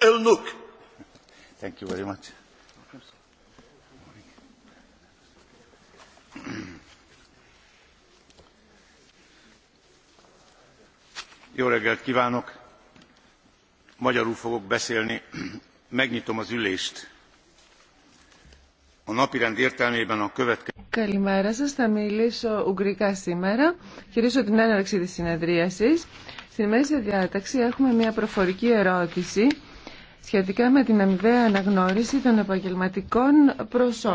el nuk. Thank you very much. Jó reggelt kívánok! Magyarul fogok beszélni. Megnyitom az ülést. A napirend értelmében a következő... Καλημέρα σας. Θα μιλήσω ουγγρικά σήμερα. Χειρίζω την έναρξη της συνεδρίασης. Στην μέση διάταξη έχουμε μια προφορική ερώτηση σχετικά με την αμοιβαία αναγνώριση των επαγγελματικών προσώπων.